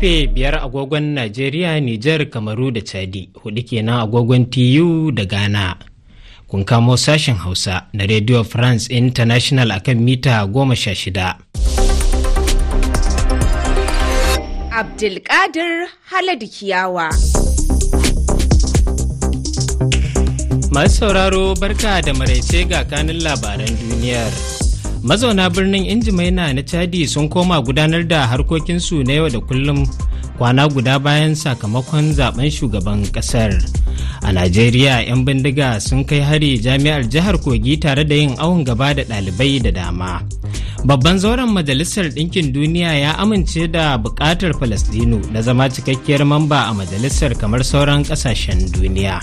Karfe biyar agogon Najeriya, Nijar, Kamaru da Chadi, hudu kenan agogon TU da Ghana. Kun kamo sashen Hausa na Radio France International akan mita goma sha shida. Abdulkadir Haladu Kiyawa. Masu sauraro barka da maraice ga kanin labaran duniyar. mazauna birnin injimaina na chadi sun koma gudanar da harkokinsu na yau da kullum kwana guda bayan sakamakon zaben shugaban kasar a najeriya 'yan bindiga sun kai hari jami'ar jihar kogi tare da yin awon gaba da ɗalibai da dama babban zauren majalisar ɗinkin duniya ya amince da buƙatar Falasɗinu na zama cikakkiyar mamba a majalisar kamar sauran ƙasashen duniya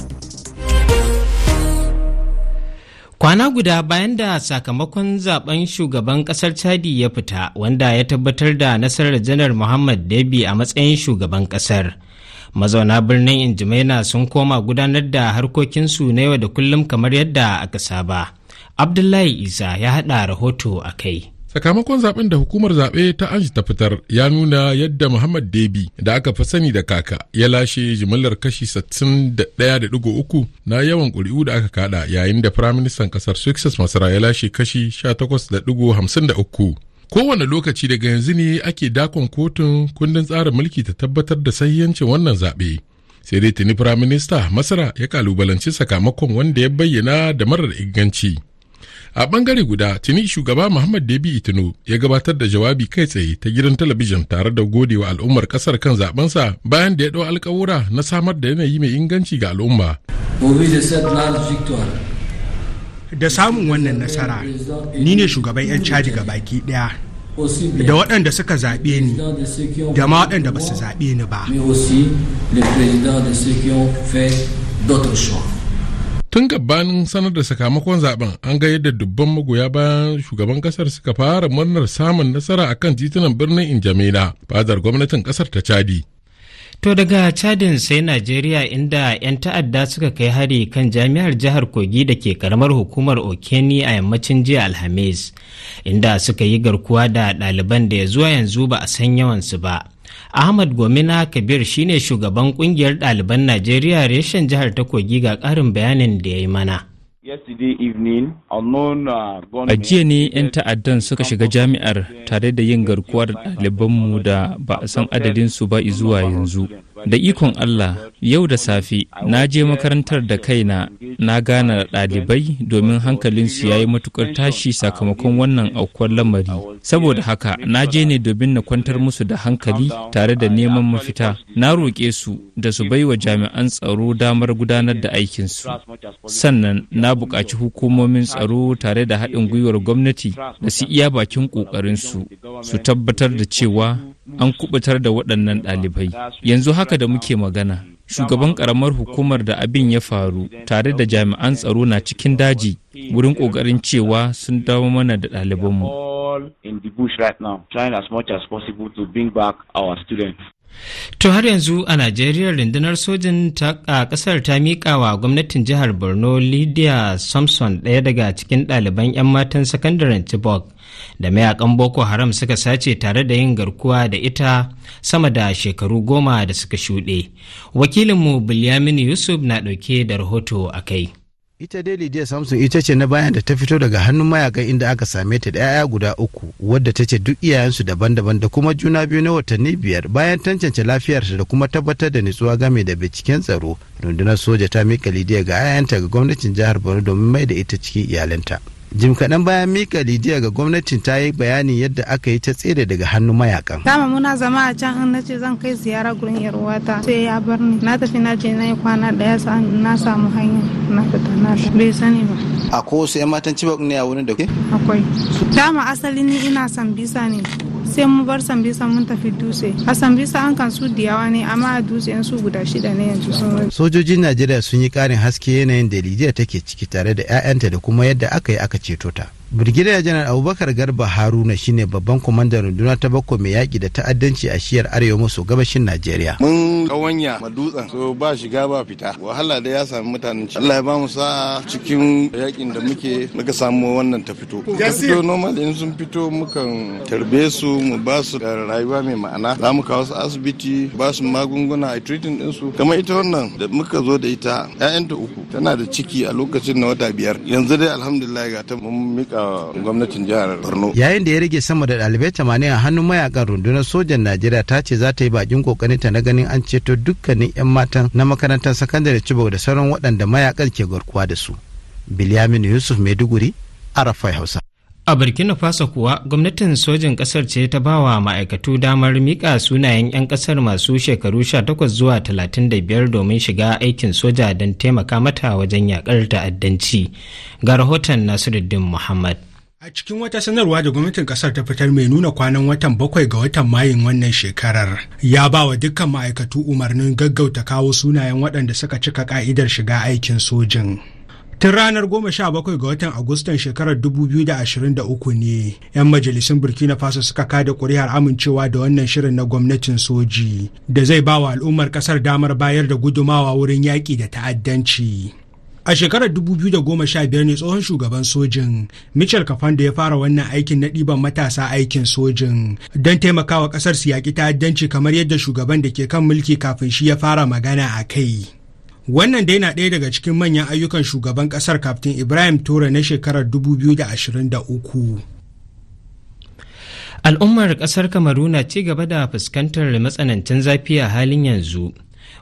Kwana guda bayan da sakamakon zaben shugaban kasar Chadi ya fita wanda ya tabbatar da nasarar janar Muhammad Debi a matsayin shugaban kasar. Mazauna birnin Injimaina sun koma gudanar da harkokinsu na yau da kullum kamar yadda aka saba. Abdullahi Isa ya haɗa rahoto a kai. sakamakon zaben da hukumar zaɓe ta anshi ta fitar ya nuna yadda muhammad debi da aka fi sani da kaka ya lashe jimillar kashi 61.3 na yawan ƙuri'u da aka kada yayin da firaministan ƙasar success masara ya lashe kashi 18.53 kowane lokaci daga yanzu ne ake dakon kotun kundin tsarin mulki ta tabbatar da sahihancin wannan zaɓe sai dai tuni firaminista masara ya kalubalanci sakamakon wanda ya bayyana da marar inganci a bangare guda tuni shugaba muhammad debi itino ya gabatar da jawabi kai tsaye ta gidan talabijin tare da gode wa al'ummar kasar kan zabensa bayan da ya ɗau alkawura na samar da yanayi mai inganci ga al'umma da samun wannan nasara ni ne shugaban 'yan caji ga baki daya da waɗanda suka zaɓe ni da ma waɗanda ba su zaɓe ni ba tun gabanin sanar da sakamakon zaben an ga yadda dubban magoya bayan shugaban kasar suka fara murnar samun nasara akan titunan birnin injamena fadar gwamnatin kasar ta chadi To daga Chadin sai Najeriya inda 'yan ta'adda suka kai hari kan jami'ar jihar Kogi da ke karamar hukumar Okeni a yammacin jiya Alhamis, inda suka yi garkuwa da ɗaliban da ya zuwa yanzu ba a san yawansu ba. ahmad gomina kabir shine shugaban kungiyar ɗaliban najeriya reshen jihar ta kogi ga ƙarin bayanin da ya yi mana uh, A jiya ne 'yan ta'addan suka shiga jami'ar tare da yin garkuwar da ɗalibanmu da ba a san adadinsu ba zuwa yanzu. da ikon Allah yau da safe na je makarantar da kaina na gana da ɗalibai domin hankalinsu ya yi matukar tashi sakamakon wannan aukuwar lamari saboda haka na je ne domin na kwantar musu da hankali tare da neman mafita na roƙe su da su bai wa jami'an tsaro damar gudanar da aikinsu sannan na buƙaci hukumomin tsaro tare da haɗin gwiwar gwamnati da su iya bakin ƙoƙarinsu su tabbatar da cewa an kubutar da waɗannan ɗalibai yanzu haka da muke magana shugaban ƙaramar hukumar da abin ya faru tare da jami'an tsaro na cikin daji wurin ƙoƙarin cewa sun dawo mana da ɗalibanmu To har yanzu a Najeriya rundunar sojin a kasar ta miƙa wa gwamnatin jihar Borno Lydia Samson ɗaya daga cikin ɗaliban 'yan matan sakandaren Chibok da mayakan Boko Haram suka sace tare da yin garkuwa da ita sama da shekaru goma da suka shuɗe. Wakilinmu Bilyamin Yusuf na ɗauke da rahoto a kai. ita dai lidiya samson ita ce na bayan da ta fito daga hannun mayakan inda aka same ta da 'ya'ya guda uku wadda ta ce duk iyayensu daban-daban da kuma juna biyu na watanni biyar bayan tantance lafiyarta da kuma tabbatar da nutsuwa game da binciken tsaro rundunar soja ta mika lidiya ga 'ya'yanta ga gwamnatin jihar borno domin mai da ita cikin iyalinta jim kaɗan bayan mika lidiya ga gwamnatin ta yi bayani yadda aka yi ta tsere daga hannun mayakan dama muna zama a can na ce zan kai ziyara gurin yarwata uwata sai ya bar ni na tafi na je na yi kwana ɗaya na samu hanya na fita na bai sani ba a ko sai yan matan cibok ne a wurin da ke akwai dama asali ni ina sambisa ne sai mun bar sambisa mun tafi dutse a sambisa an kan su diyawa ne amma a dutse yan su guda shida ne yanzu sun sojojin najeriya sun yi karin haske yanayin da lidiya take ciki tare da 'ya'yanta da kuma yadda aka yi aka 居住者。Brigadier Janar Abubakar Garba Haruna shine babban kwamandan runduna ta bako mai yaƙi da ta'addanci a shiyar arewa maso gabashin Najeriya. Mun kawanya ma dutsen so ba shiga ba fita. Wahala da ya sami mutanen ci. Allah ya bamu sa cikin yaƙin da muke muka samu wannan ta fito. Gaskiya normal in sun fito mukan tarbe su mu ba su rayuwa mai ma'ana. Za mu kawo su asibiti ba su magunguna a treating din su. Kamar ita wannan da muka zo da ita 'ya'yanta uku tana da ciki a lokacin na wata biyar. Yanzu dai alhamdulillah ga ta mun miƙa gwamnatin jihar Borno. Yayin da ya rage sama da ɗalibai tamanin a hannun mayakan rundunar sojan Najeriya ta ce za ta yi bakin kokarin ta na ganin an ceto dukkanin 'yan matan na makarantar sakandare Chibok da sauran waɗanda mayakan ke garkuwa da su. Bilyamin Yusuf Maiduguri, Arafai Hausa. A Burkina Faso kuwa gwamnatin sojin ƙasar ce ta bawa ma'aikatu damar miƙa sunayen 'yan ƙasar masu shekaru 18 zuwa 35 domin shiga aikin soja don taimaka mata wajen yaƙar ta'addanci. Ga rahoton Nasiruddin Muhammad. A cikin wata sanarwa da gwamnatin kasar ta fitar mai nuna kwanan watan bakwai ga watan Mayun wannan shekarar, ya ba wa dukkan ma'aikatu umarnin gaggauta kawo sunayen waɗanda suka cika ka'idar shiga aikin sojin. Tun ranar goma sha bakwai ga watan Agustan shekarar dubu da uku ne 'yan majalisun Burkina Faso suka kada kuri'ar amincewa da wannan shirin na gwamnatin soji da zai ba wa al'ummar ƙasar damar bayar da gudumawa wurin yaƙi da ta'addanci. A shekarar dubu goma sha biyar ne tsohon shugaban sojin Michel Kafando ya fara wannan aikin na ɗiban matasa aikin sojin don taimakawa ƙasar su yaƙi ta'addanci kamar yadda shugaban da ke kan mulki kafin shi ya fara magana a kai. wannan dai na ɗaya daga cikin manyan ayyukan shugaban ƙasar kaftin ibrahim tura na shekarar 2023 Al'ummar ƙasar Kamaru na ci gaba da fuskantar matsanancin zafi a halin yanzu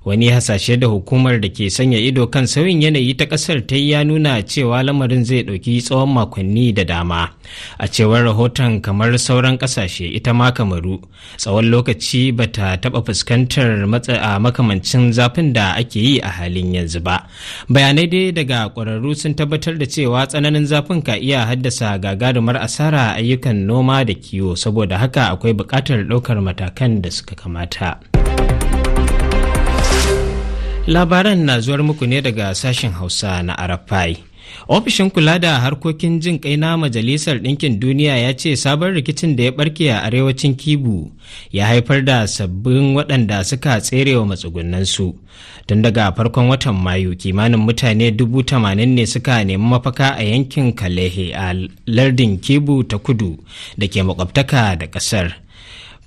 wani hasashe da hukumar da ke sanya ido kan sauyin yanayi ta kasar ta ya nuna cewa lamarin zai ɗauki tsawon makonni da dama a cewar rahoton kamar sauran ƙasashe ita ma kamaru tsawon lokaci ba ta taɓa fuskantar matsa makamancin zafin da ake yi a halin yanzu ba bayanai dai daga ƙwararru sun tabbatar da cewa tsananin zafin ka iya haddasa gagarumar asara ayyukan noma da kiwo saboda haka akwai buƙatar ɗaukar matakan da suka kamata. labaran na zuwar muku ne daga sashen hausa na arafai ofishin kula da harkokin jin kai na majalisar ɗinkin duniya ya ce sabon rikicin da ya barke a arewacin kibu ya haifar da sabbin waɗanda suka tsere wa matsugunansu tun daga farkon watan mayu kimanin mutane dubu tamanin ne suka nemi mafaka a yankin kalehe a lardin kibu ta kudu da ke makwabtaka da ƙasar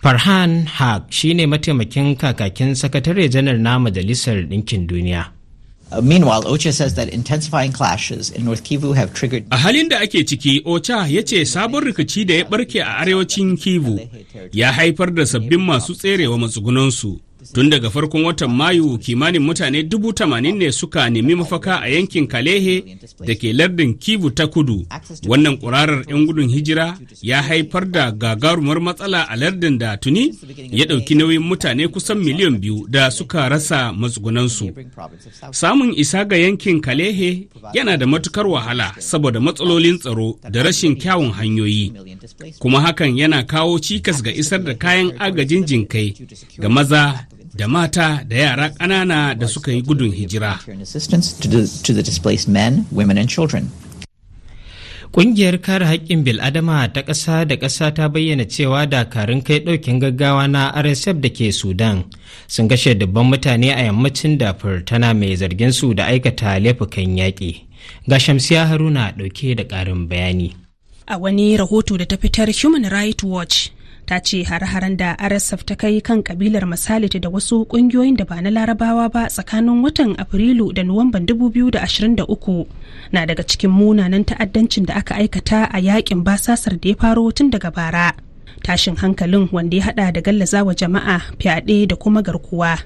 farhan haq shine mataimakin kakakin sakatare janar na majalisar ɗinkin duniya uh, A halin da ake ciki, OCHA ya ce sabon rikici da ya barke a arewacin Kivu ya haifar da sabbin masu tserewa matsugunansu Tun daga farkon watan Mayu kimanin mutane dubu tamanin ne suka nemi mafaka a yankin Kalehe da ke lardin Kivu ta kudu. Wannan ƙurarar 'yan gudun hijira ya haifar da gagarumar matsala a lardin da tuni ya ɗauki nauyin mutane kusan miliyan biyu da suka rasa matsugunansu. Samun isa ga yankin Kalehe yana da matukar wahala saboda matsalolin tsaro da rashin kyawun hanyoyi. Kuma hakan yana kawo cikas ga isar da kayan agajin jinkai ga maza da mata da yara ƙanana da suka yi gudun hijira. Ƙungiyar kare haƙƙin bil'adama ta ƙasa da ƙasa ta bayyana cewa dakarun kai ɗaukin gaggawa na RSF da ke Sudan sun kashe dubban mutane a yammacin dafur tana mai zargin su da aikata laifukan yaƙi. Ga Shamsiya Haruna ɗauke da ƙarin bayani. A wani rahoto da ta fitar Human Rights Watch ta ce har-haren da rsf ta kai kan kabilar masalit da wasu kungiyoyin da ba na larabawa ba tsakanin watan afrilu da nuwamban 2023 na daga cikin munanan ta'addancin da aka aikata a yakin basasar da ya faro tun daga bara tashin hankalin wanda ya hada da gallazawa jama'a fyaɗe da kuma garkuwa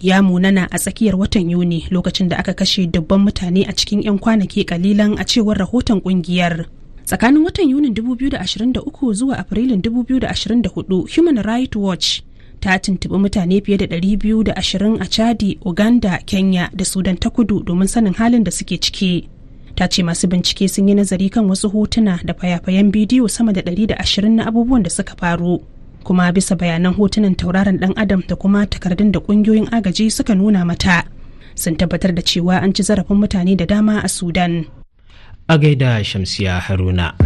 ya munana a tsakiyar watan yuni lokacin da aka kashe dubban mutane a cikin 'yan kwanaki kalilan a cewar rahoton kungiyar Tsakanin watan Yunin 2023 zuwa Afrilun 2024, Human Rights Watch ta tuntuɓi mutane fiye da 220 a Chadi, Uganda, Kenya da Sudan ta kudu domin sanin halin da suke ciki. Ta ce masu bincike sun yi nazari kan wasu hotuna da fayafayen bidiyo sama da 120 na abubuwan da suka faru. Kuma bisa bayanan hotunan tauraron dan adam da kuma takardun da ƙungiyoyin agaji suka nuna mata. Sun tabbatar da cewa an ci zarafin mutane da dama a Sudan. a gaida Shamsiya Haruna.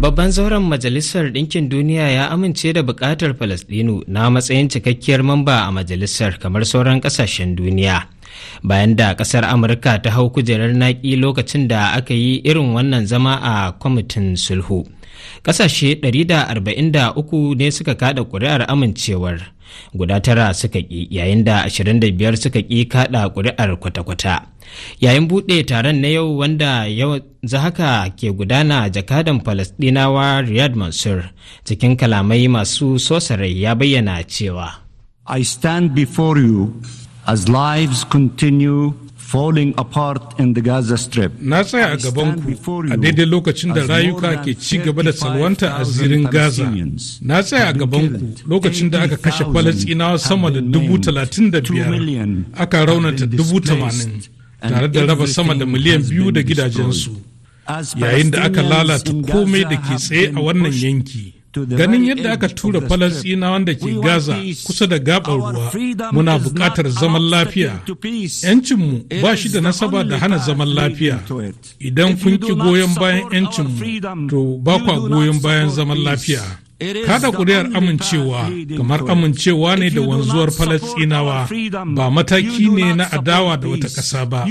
Babban zauren Majalisar Ɗinkin Duniya ya amince da buƙatar Falasɗinu na matsayin cikakkiyar mamba a majalisar kamar sauran ƙasashen duniya. Bayan da ƙasar Amurka ta hau kujerar naƙi lokacin da aka yi irin wannan zama a kwamitin sulhu. Ƙasashe 143 ne suka kaɗa ƙuri'ar amincewar. guda tara suka ƙi yayin da 25 suka ƙi kaɗa ƙuri'ar kwata-kwata yayin buɗe taron na yau wanda yau haka ke gudana jakadan falasɗinawa riyad mansur cikin kalamai masu sosare ya bayyana cewa i stand before you as lives continue falling apart in the Gaza Strip. Na tsaya a gabanku a daidai lokacin da rayuka ke ci gaba da salwanta a zirin Gaza. Na tsaya a gabanku lokacin da aka kashe Falasɗinawa sama da dubu talatin da biyar aka raunata dubu tamanin tare da raba sama da miliyan biyu da gidajensu yayin da aka lalata komai da ke tsaye a wannan yanki. Ganin yadda aka tura Falasina da ke Gaza kusa da gabar ruwa, muna bukatar zaman lafiya. ‘Yancinmu ba shi da nasaba da hana zaman lafiya. Idan kun ki goyon bayan ‘yancinmu, to ba kwa goyon bayan zaman lafiya. Kada ƙuri'ar amincewa kamar amincewa ne da wanzuwar Falasɗinawa ba mataki ne na adawa da wata ƙasa ba,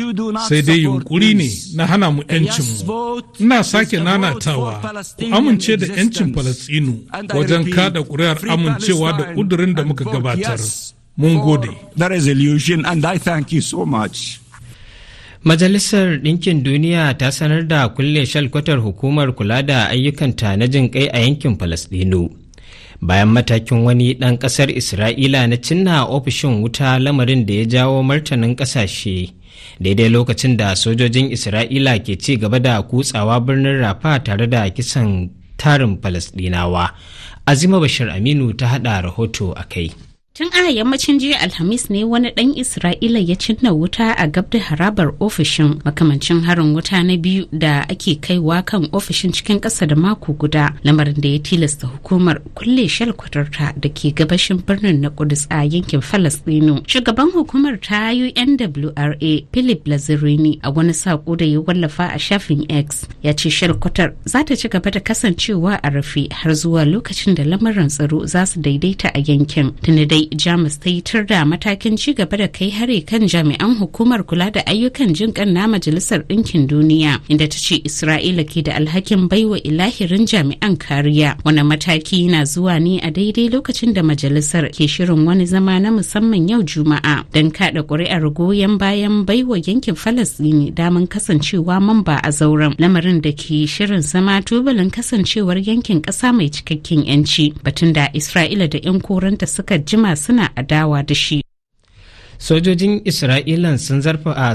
sai dai yunƙuri ne na hana mu 'yancinmu. Ina sake nanatawa, ku amince da 'yancin Falasɗinu wajen kada ƙuri'ar amincewa da ƙudurin da muka gabatar. Mun gode. That resolution and I Majalisar Ɗinkin Duniya ta sanar da kulle shalkwatar hukumar kula da ayyukanta na jin kai a yankin Falasɗinu. Bayan matakin wani ɗan ƙasar Isra'ila na cinna ofishin wuta lamarin da ya jawo martanin ƙasashe. Daidai lokacin da sojojin Isra'ila ke ci gaba da kutsawa birnin Rafa tare da kisan tarin Falasɗinawa. Azima Bashir Aminu ta haɗa rahoto a kai. Tun a yammacin jiya Alhamis ne wani ɗan Isra'ila ya cinna wuta a gabda harabar ofishin makamancin harin wuta na biyu da ake kaiwa kan ofishin cikin ƙasa da mako guda lamarin da ya tilasta hukumar kulle kwatarta da ke gabashin birnin na Kudus a yankin Falastinu. Shugaban hukumar ta UNWRA Philip Lazzarini a wani saƙo da ya wallafa a shafin X ya ce shalkwatar za ta ci gaba da kasancewa a rufe har zuwa lokacin da lamarin tsaro za su daidaita a yankin. jamus ta yi tur da matakin ci gaba da kai hare kan jami'an hukumar kula da ayyukan jin kan na majalisar ɗinkin duniya inda ta ce isra'ila ke da alhakin baiwa ilahirin jami'an kariya wani mataki na zuwa ne a daidai lokacin da majalisar ke shirin wani zama na musamman yau juma'a don kada ƙuri'ar goyon bayan baiwa yankin falastini daman kasancewa mamba a zauren lamarin da ke shirin zama tubalin kasancewar yankin ƙasa mai cikakken 'yanci batun da isra'ila da 'yan koranta suka jima suna adawa da shi sojojin isra'ila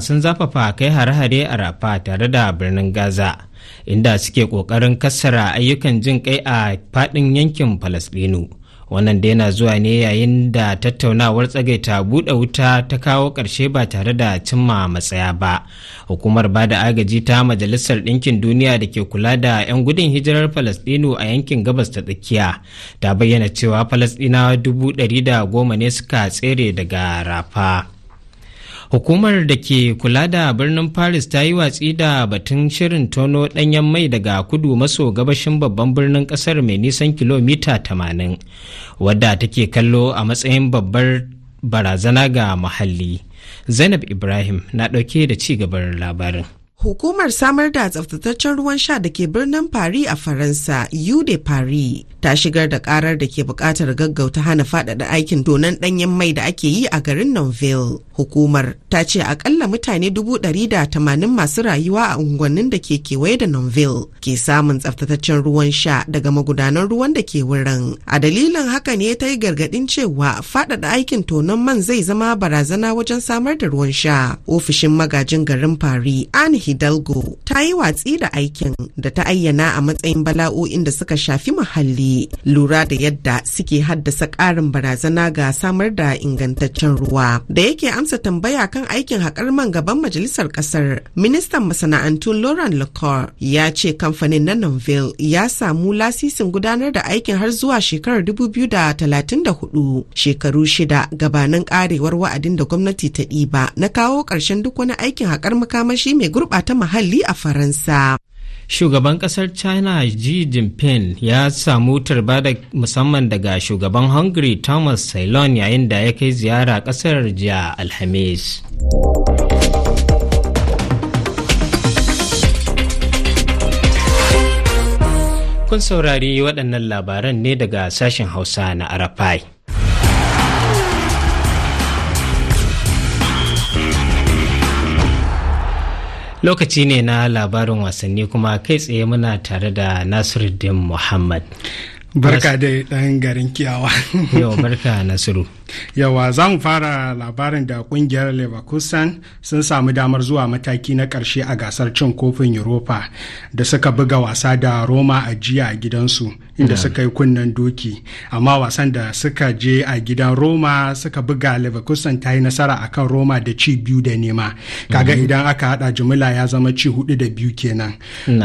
sun zafafa kai hare-hare a rafa tare da birnin gaza inda suke ƙoƙarin kassara ayyukan jin kai a faɗin yankin falasɗinu wannan da yana zuwa ne yayin da tattaunawar ta buɗe wuta ta kawo ƙarshe ba tare da cimma matsaya ba hukumar ba da agaji ta majalisar ɗinkin duniya da ke kula da 'yan gudun hijirar Falasɗinu a yankin gabas ta tsakiya ta bayyana cewa falasɗinawa dubu ɗari da goma ne suka tsere daga rafa Hukumar da ke kula da birnin Paris ta yi watsi da batun shirin tono ɗanyen mai daga kudu maso gabashin babban birnin ƙasar mai nisan kilomita 80 wadda take kallo a matsayin babbar barazana ga muhalli. Zainab Ibrahim na ɗauke da ci gaban labarin. Hukumar samar da tsaftataccen ruwan sha da ke birnin Paris a Faransa, Ude Paris, ta shigar da karar da ke bukatar gaggauta hana faɗaɗa aikin donan ɗanyen mai da ake yi a garin Nonville. Hukumar ta ce akalla mutane dubu ɗari da tamanin masu rayuwa a unguwannin da ke kewaye da Nonville ke samun tsaftataccen ruwan sha daga magudanan ruwan da ke wurin. A dalilin haka ne ta yi gargaɗin cewa faɗaɗa aikin tonon man zai zama barazana wajen samar da ruwan sha. Ofishin magajin garin Paris, hidalgo ta yi watsi da aikin da ta ayyana a matsayin bala'o'in da suka shafi muhalli lura da yadda suke haddasa ƙarin barazana ga samar da ingantaccen ruwa da yake amsa tambaya kan aikin haƙar man gaban majalisar ƙasar ministan masana'antu lauren lecor ya ce kamfanin na nonville ya samu lasisin gudanar da aikin har zuwa shekarar da talatin hudu shekaru shida gabanin ƙarewar wa'adin da gwamnati ta ɗiba na kawo ƙarshen duk wani aikin haƙar makamashi mai gurɓa ta muhalli a Faransa. Shugaban kasar China Xi Jinping ya samu tarba da musamman daga shugaban Hungary Thomas Ceylon yayin da ya kai ziyara kasar jiya Alhamis. Kun saurari waɗannan labaran ne daga sashen Hausa na Arafai. lokaci ne na labarin wasanni kuma kai tsaye muna tare da nasiruddin muhammad barka da ɗan garin kiyawa yau barka nasiru yawa za mu fara labarin da kungiyar leverkusen sun samu damar zuwa mataki na ƙarshe a gasar cin kofin europa da suka buga wasa da roma a jiya a gidansu inda suka yi kunnen doki amma wasan da suka je a gidan roma suka buga leverkusen ta yi nasara kan roma da ci biyu da nema kaga mhm. idan aka hada jimila ya zama ci hudu da biyu kenan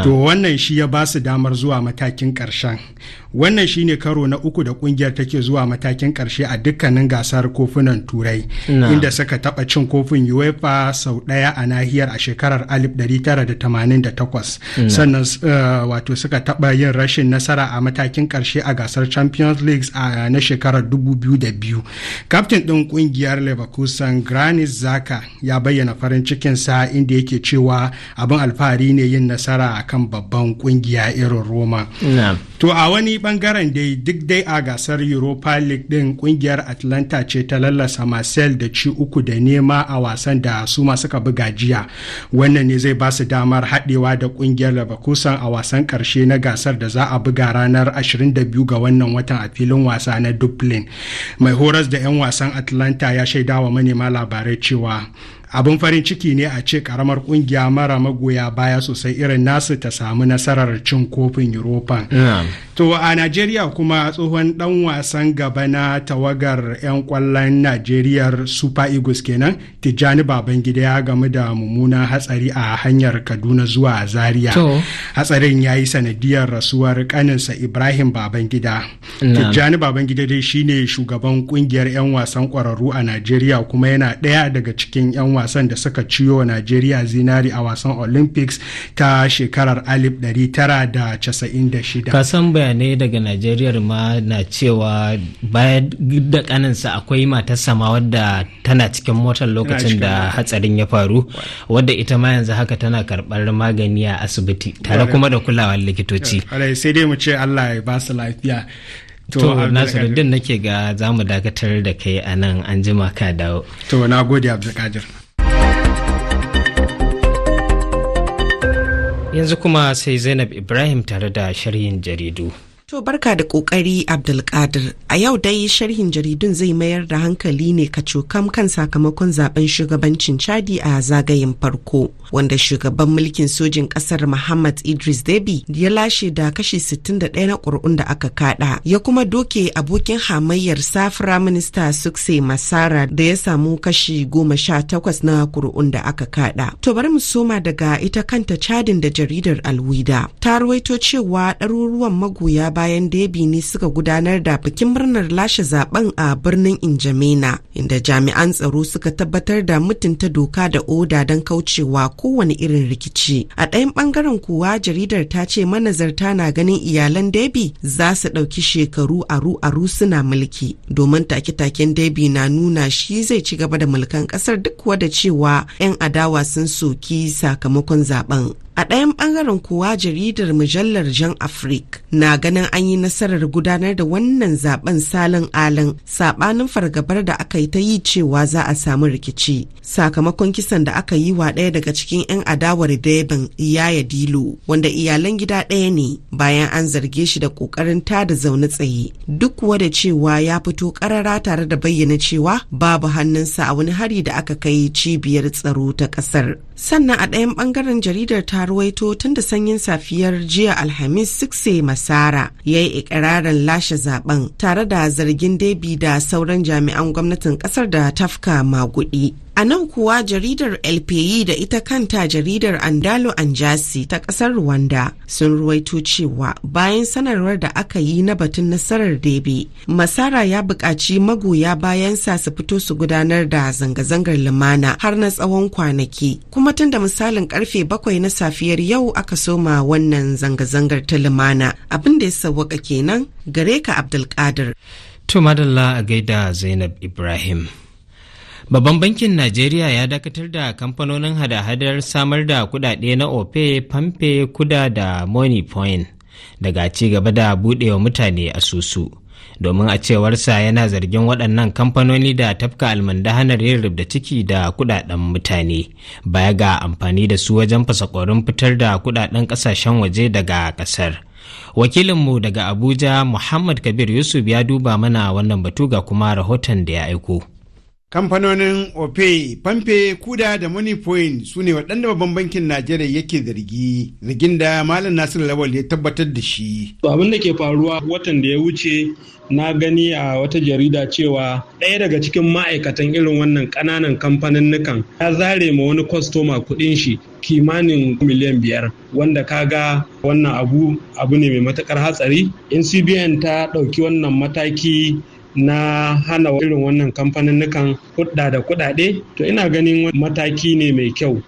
to wannan shi ya ba su damar zuwa matakin karshen wannan shi ne karo na uku da kungiyar take zuwa matakin karshe a dukkanin gasar kofunan turai inda suka taba cin kofin uefa sau daya a nahiyar a shekarar 1988 sannan eh, wato suka taba yin rashin nasara a matakin matakin karshe a gasar champions leagues a na shekarar 2002 kaftin ɗin ƙungiyar leverkusen granit zaka ya bayyana farin cikinsa inda yake cewa abin alfahari ne yin nasara a kan babban ƙungiya irin roma to a wani bangaren dai duk dai a gasar europa league ɗin ƙungiyar atlanta ce ta lallasa marcel da ci uku da nema a wasan da su ma suka buga jiya wannan ne zai ba su damar haɗewa da ƙungiyar leverkusen a wasan ƙarshe na gasar da za a buga ranar 22 ga wannan watan a filin wasa na dublin mai horas da 'yan wasan atlanta ya shaidawa manema labarai cewa abin farin ciki ne a ce karamar kungiya mara magoya baya sosai irin nasu ta samu nasarar cin kofin europa to a najeriya kuma tsohon dan wasan gaba na tawagar 'yan kwallon nigeria super eagles kenan tijjani babangida ya gamu da mummunan hatsari a hanyar kaduna zuwa zaria hatsarin ya yi sanadiyar rasuwar kaninsa ibrahim babangida tijjani babangida dai shine shugaban kungiyar 'yan wasan kwararru a najeriya kuma yana ɗaya daga cikin 'yan wasan da suka ciyo Najeriya zinari a wasan Olympics ta shekarar 1996. Kasan bayanai daga Najeriya ma na cewa bayan da kaninsa akwai mata sama wadda tana cikin motar lokacin da hatsarin ya faru wadda ita ma yanzu haka tana karbar magani a asibiti tare kuma da kulawar likitoci. Eh, sai dai mu ce Allah ya ba lafiya. To, Nasiruddin nake ga za mu dakatar da kai a nan an jima ka dawo. To, na gode Abdulkadir. yanzu kuma sai zainab ibrahim tare da sharhin jaridu To barka da kokari Abdulkadir. A yau dai sharhin jaridun zai mayar da hankali ne kacokam kan sakamakon zaben shugabancin Chadi a zagayen farko, wanda shugaban mulkin sojin ƙasar Muhammad Idris Debi ya lashe da kashi 61 na ƙuri'un da aka kada, ya kuma doke abokin hamayyar safira minista Sukse Masara da ya samu kashi 18 na ƙuri'un da aka kada. To bari mu soma daga ita kanta Chadin da jaridar Alwida. Ta ruwaito cewa ɗaruruwan magoya bayan Debi ne suka gudanar da bikin murnar lashe zaben a birnin Injamena inda jami'an tsaro suka tabbatar da mutunta doka da oda don kaucewa kowane irin rikici. A ɗayan ɓangaren kuwa jaridar ta ce manazarta na ganin iyalan Debi za su ɗauki shekaru aru-aru suna mulki domin take-taken Debi na nuna shi zai ci gaba da mulkan ƙasar duk kuwa da cewa 'yan adawa sun soki sakamakon zaben. A ɗayan ɓangaren kuwa jaridar mujallar Jan Afrik na ganin an yi nasarar gudanar da wannan zaben salin alin saɓanin fargabar da aka yi ta yi cewa za a samu rikici. Sakamakon kisan da aka yi wa ɗaya daga cikin 'yan adawar Deben Iyaya Dilo wanda iyalan gida ɗaya ne bayan an zarge shi da ƙoƙarin ta da zaune tsaye. Duk wada cewa ya fito ƙarara tare da bayyana cewa babu hannunsa a wani hari da aka kai cibiyar tsaro ta ƙasar. sannan a ɗayan ɓangaren jaridar ta ruwaito tun da sanyin safiyar jiya alhamis sikse masara ya yi ikirarin lashe zaben tare da zargin debi da sauran jami'an gwamnatin ƙasar da tafka maguɗi. A nan kuwa jaridar LPE da ita kanta jaridar Andalo Anjasi ta ƙasar Rwanda sun ruwaito cewa bayan sanarwar da aka yi na batun nasarar Debe, Masara ya buƙaci magoya sa su fito su gudanar da zanga-zangar lumana har na tsawon kwanaki. Kuma tun da misalin karfe bakwai na safiyar yau aka soma wannan zanga-zangar ta lumana abin da ya sawwaka kenan gare ka Abdulkadir. To madalla a gaida Zainab Ibrahim. Babban bankin Najeriya ya dakatar da kamfanonin hada-hadar samar da kudade na Ope, Pampe, Kuda da Point daga ci gaba da buɗewa mutane asusu. Domin a cewarsa yana zargin waɗannan kamfanoni da tafka hanar yin rubda ciki da kudaden mutane baya ga amfani da su wajen fasakorin fitar da kudaden ƙasashen waje daga ƙasar. Wakilinmu daga Abuja Muhammad Kabir Yusuf ya duba mana wannan batu ga kuma rahoton da ya aiko. kamfanonin ofe Famfe, kuda da money point su ne waɗanda babban bankin najeriya yake zargi zargin da malam nasir lawal ya tabbatar da shi abin da ke faruwa watan da ya wuce na gani a wata jarida cewa ɗaya daga cikin ma'aikatan irin wannan ƙananan NUKAN ya zare ma wani kwastoma kuɗin shi kimanin miliyan biyar wanda kaga wannan abu abu ne mai matakar hatsari ncbn ta ɗauki wannan mataki na hana irin wannan kamfanin hudda da kudade to ina ganin mataki ne mai kyau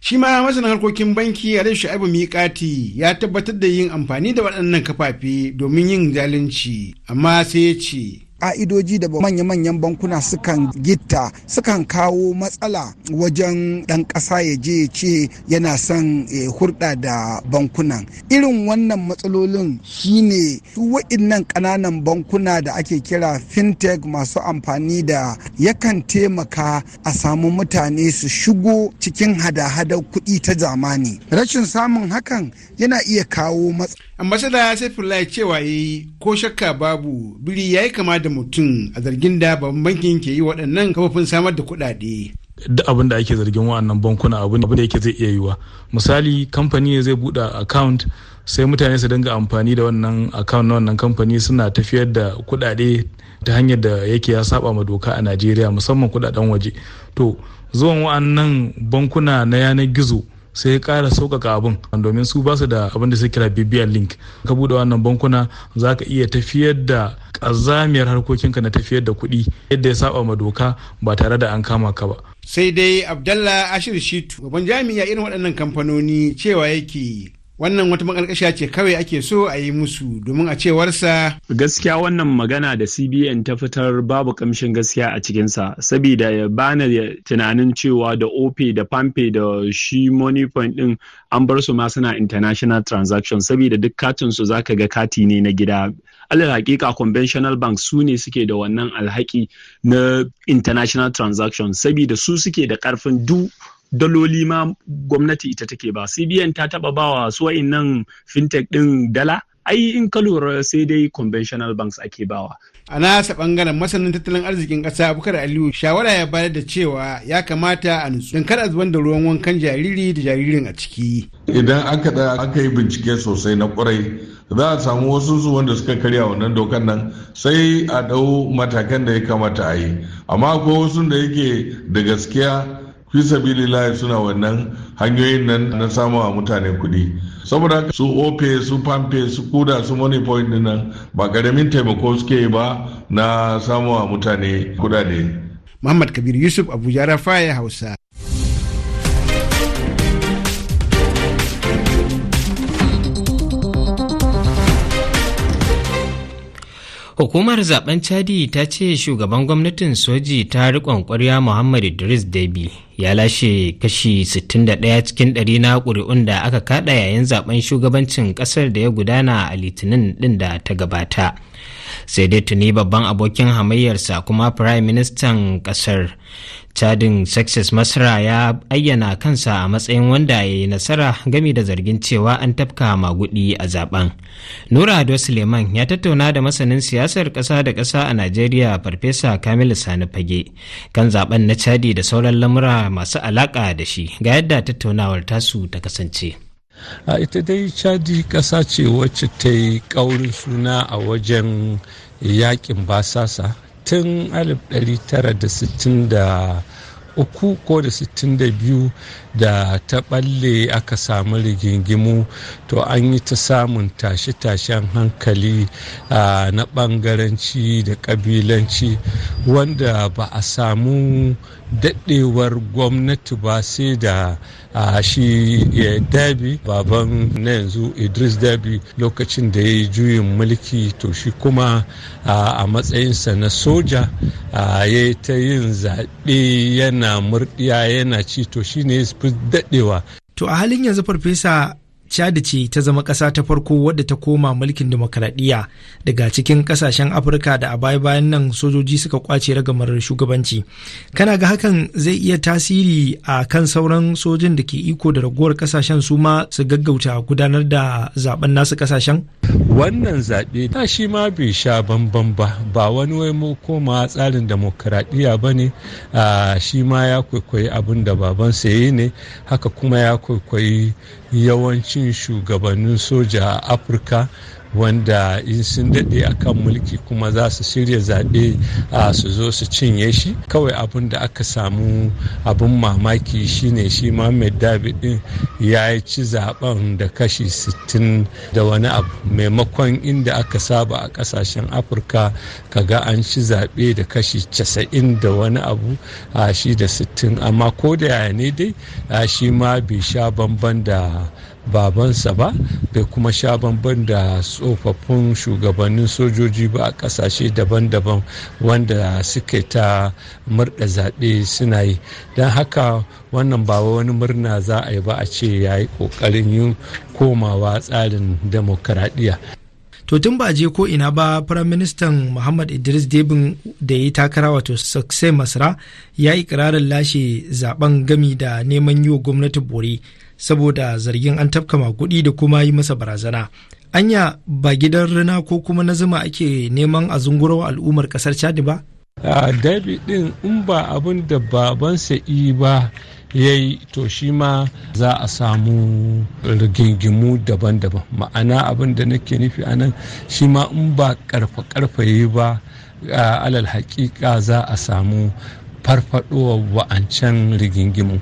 shi ma masana harkokin banki a rashin abu miƙati ya tabbatar da yin amfani da waɗannan kafafe domin yin zalunci amma sai ya ce ka'idoji da manya-manyan bankuna sukan gitta sukan kawo matsala wajen ɗan ƙasa ya je ya ce yana son eh, hurɗa da bankunan irin wannan matsalolin shine wa'innan ƙananan bankuna da ake kira fintech masu amfani da yakan taimaka a samu mutane su shigo cikin hada-hadar kuɗi ta zamani rashin samun hakan yana iya kawo matsala ya sai cewa ya yi ko shakka babu biri ya yi kama da mutum a zargin da babban bankin ke yi waɗannan kafofin samar da kuɗaɗe duk abin da ake zargin wa'annan bankuna abin da yake zai iya yiwa misali kamfani ne zai buɗe account sai mutane su dinga amfani da wannan account na wannan kamfani suna tafiyar da kuɗaɗe ta hanyar da yake ya saba ma doka a najeriya musamman kuɗaɗen waje to zuwan wa'annan bankuna na yanar gizo sai ya kara sauƙaƙa abin domin su basu da abin da suke kira bibiyar link ka buɗe wannan bankuna za ka iya tafiyar da ƙazamiyar harkokinka na tafiyar da kuɗi yadda ya saba ma doka ba tare da an kama ka ba sai dai abdallah ashir shitu babban jami'a irin waɗannan kamfanoni cewa yake wannan wata makarkashiya ce kawai ake so a yi musu domin a cewarsa gaskiya wannan magana da cbn ta fitar babu kamshin gaskiya a cikinsa saboda ya bana tunanin cewa da ope da pampe da shi money point din an bar su ma suna international transaction saboda duk katin su zaka ga kati ne na gida alal hakika conventional bank su ne suke da wannan alhaki na international transaction saboda su suke da karfin duk daloli ma gwamnati ita take ba cbn ta taba bawa su nan fintech din dala ai in ka lura sai dai conventional banks ake bawa a nasa bangaren masanin tattalin arzikin ƙasa abubakar aliyu shawara ya bayar da cewa ya kamata a nutsu don kada zuban da ruwan wankan jariri da jaririn a ciki idan aka da aka yi bincike sosai na kwarai za a samu wasu su wanda suka karya wannan dokan nan sai a dau matakan da ya kamata a yi amma akwai wasu da yake da gaskiya fi sabilillahi suna wannan hanyoyin nan na samawa mutane kuɗi saboda su ope su pampe su kuda su money point nan ba karamin taimako suke ba na samawa mutane kudade muhammad kabir yusuf abuja rafaya hausa Hukumar zaben Chadi ta ce shugaban gwamnatin soji ta rikon kwarya Muhammad Idris debi ya lashe kashi 61 cikin ɗari na ƙuri'un da aka kaɗa yayin zaben shugabancin ƙasar da ya gudana a Litinin ɗin da ta gabata. sai dai tuni babban abokin hamayyarsa kuma prime ministan kasar chadin success masra ya ayyana kansa a matsayin wanda ya yi nasara gami da zargin cewa an tafka magudi a zaben nura ado suleiman ya tattauna da masanin siyasar kasa da kasa a najeriya farfesa kamilu sani fage kan zaben na chadi da sauran lamura masu alaƙa da shi ga yadda tattaunawar tasu ta kasance a ita dai chadi ƙasa ce wacce ta yi ƙaurin suna a wajen yakin basasa tun 1963 ko da 62 da ta balle aka samu rigingimu to an yi ta samun tashe-tashen hankali na bangaranci da kabilanci wanda ba a samu daɗewar gwamnati ba sai da a shi ya eh, dabi baban na yanzu idris dabi lokacin da ya yi juyin mulki to shi kuma a matsayinsa na soja ya yi ta yin zaɓe yana murɗiya yana ci to shi ne ya daɗewa to a halin yanzu farfesa chad ce ta zama ƙasa ta farko wadda ta koma mulkin demokradiyya daga cikin ƙasashen afirka da a baya-bayan nan sojoji suka kwace ragamar shugabanci kana ga hakan zai iya tasiri a kan sauran sojin da ke iko da ragowar ƙasashen su ma su gaggauta gudanar da zaben nasu ƙasashen wannan zaɓe ta shi ma bai sha bambam ba ba wani wai mu koma tsarin demokradiyya ba ne shi ma ya kwaikwayi abin da babansa ya yi ne haka kuma ya kwaikwayi yawancin tarihin shugabannin soja a afirka wanda in sun daɗe a kan mulki kuma za su shirya zaɓe a su zo su cinye shi kawai abin da aka samu abin mamaki shine shi Mohammed David din ya yi ci zaben da kashi 60 da wani abu maimakon inda aka saba a ƙasashen afirka kaga an ci zaɓe da kashi 90 da wani abu a shi da 60 amma ko da yaya ne dai shi ma bai sha bamban da babansa ba bai kuma sha bamban da tsofaffin shugabannin sojoji ba a kasashe daban-daban wanda suke ta murda zaɓe suna yi don haka wannan ba wani murna za a yi ba a ce ya yi ƙoƙarin yin komawa tsarin demokaradiyya to tun ba je ko ina ba firaministan muhammad idris debin da ya takara wato sakse masra ya yi kirarin lashe zaben gami da neman yiwa gwamnati bore saboda zargin an tafka kuɗi da kuma yi masa barazana anya ba gidan rina ko kuma na zuma ake neman a zunguro al'ummar kasar chad ba a david din in ba abin da babansa sa'i ba ya yi to shi ma za a samu rigingimu daban-daban ma'ana abin da nake nufi anan shi ma in ba karfa-karfa yi ba alal hakika za a samu farfaɗowar wa'ancan rigingimu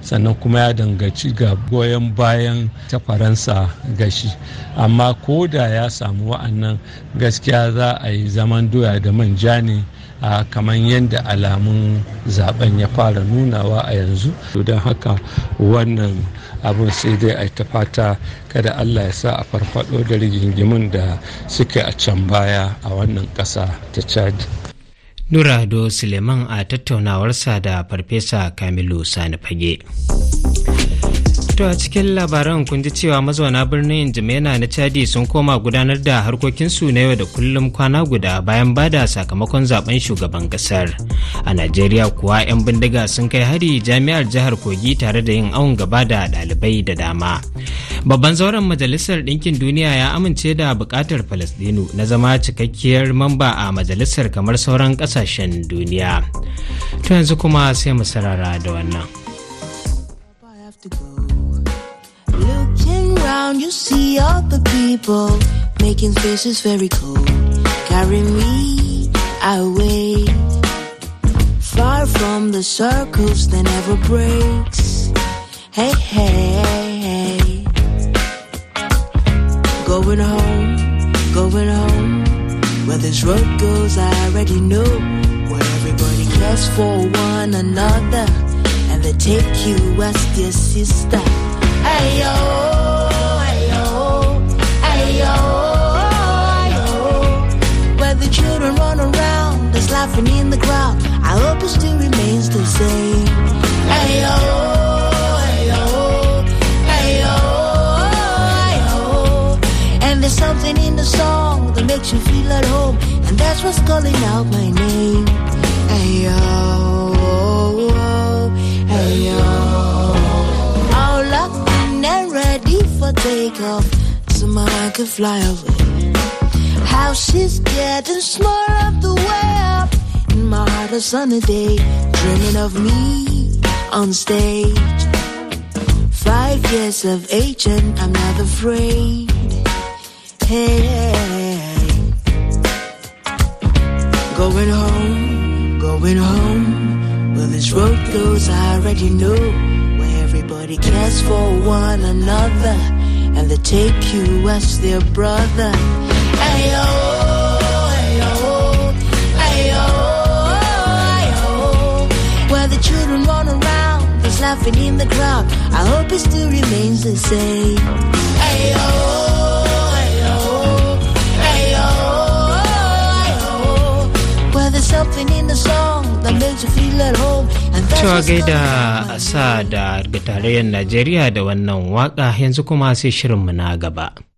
sannan kuma ya danganci ga goyon bayan ta faransa gashi amma ko da ya samu wa'annan gaskiya za a yi zaman doya da manja ne a kamar yadda alamun zaben ya fara nunawa a yanzu don haka wannan abun sai dai a ta fata kada allah ya sa a farfado da rigingimun da suke a can baya a wannan ƙasa ta chad Nurado Suleiman a tattaunawarsa da Farfesa Kamilu Sani Fage. To a cikin labaran kun ji cewa mazauna birnin Jimena na Chadi sun koma gudanar da harkokinsu na yau da kullum kwana guda bayan bada sakamakon zaben shugaban kasar. A Najeriya kuwa 'yan bindiga sun kai hari jami'ar jihar Kogi tare da yin awon gaba da ɗalibai da dama. Babban zauren Majalisar Ɗinkin Duniya ya amince da buƙatar Falasɗinu na zama cikakkiyar mamba a majalisar kamar sauran ƙasashen duniya. To yanzu kuma sai mu sarara da wannan. around, you see other people making faces very cold, carrying me away. Far from the circles that never breaks. Hey, hey, hey. Going home, going home. Where this road goes, I already know. Where everybody cares for one another, and they take you as their sister. Hey, yo. laughing in the crowd. I hope it still remains the same. Hey yo. hey hey hey yo, yo, yo. And There's something in the song that makes you feel at home, and that's what's calling out my name. Hey yo, oh, oh, hey yo. All up and ready for takeoff, so I can fly away. House is getting smaller a sunny day, dreaming of me on stage. Five years of age and I'm not afraid. Hey, hey, hey. going home, going home. Well, this road goes, I already know where everybody cares for one another and they take you as their brother. Hey, oh. children run around, there's laughing in the crowd. I hope it still remains the same. Hey, oh, something in the song that makes you feel at home. Cewa gaida sa da tarayyar Najeriya da wannan waka yanzu kuma sai shirinmu na gaba.